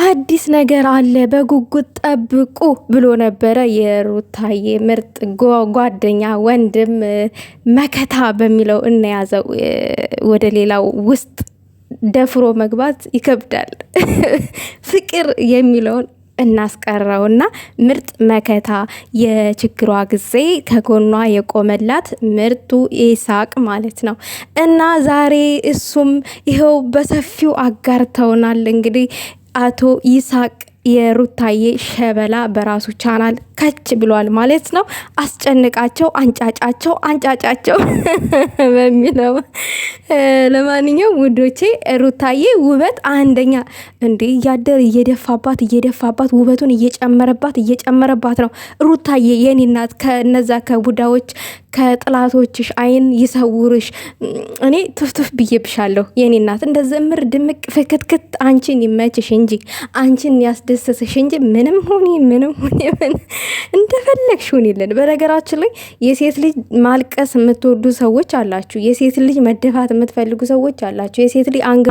አዲስ ነገር አለ በጉጉት ጠብቁ ብሎ ነበረ የሩታዬ ምርጥ ጓደኛ ወንድም መከታ በሚለው እናያዘው። ወደ ሌላው ውስጥ ደፍሮ መግባት ይከብዳል። ፍቅር የሚለውን እናስቀረውና ምርጥ መከታ የችግሯ ጊዜ ከጎኗ የቆመላት ምርጡ ኢሳቅ ማለት ነው። እና ዛሬ እሱም ይኸው በሰፊው አጋርተውናል እንግዲህ አቶ ይስሐቅ የሩታዬ ሸበላ በራሱ ቻናል ከች ብሏል ማለት ነው። አስጨንቃቸው፣ አንጫጫቸው፣ አንጫጫቸው በሚለው ለማንኛውም ውዶቼ ሩታዬ ውበት አንደኛ እንዴ እያደር እየደፋባት እየደፋባት ውበቱን እየጨመረባት እየጨመረባት ነው። ሩታዬ የኔ እናት ከነዛ ከቡዳዎች ከጥላቶችሽ አይን ይሰውርሽ። እኔ ትፍትፍ ብዬብሻለሁ የኔ እናት። እንደ ዝምር ድምቅ ፍክትክት አንቺን ይመችሽ እንጂ አንቺን ያስደሰሰሽ እንጂ ምንም ሁኒ ምንም ሁኒ እንደፈለግሽ ሁኒልን። በነገራችን ላይ የሴት ልጅ ማልቀስ የምትወዱ ሰዎች አላችሁ። የሴት ልጅ መደፋት የምትፈልጉ ሰዎች አላችሁ። የሴት ልጅ አንጋ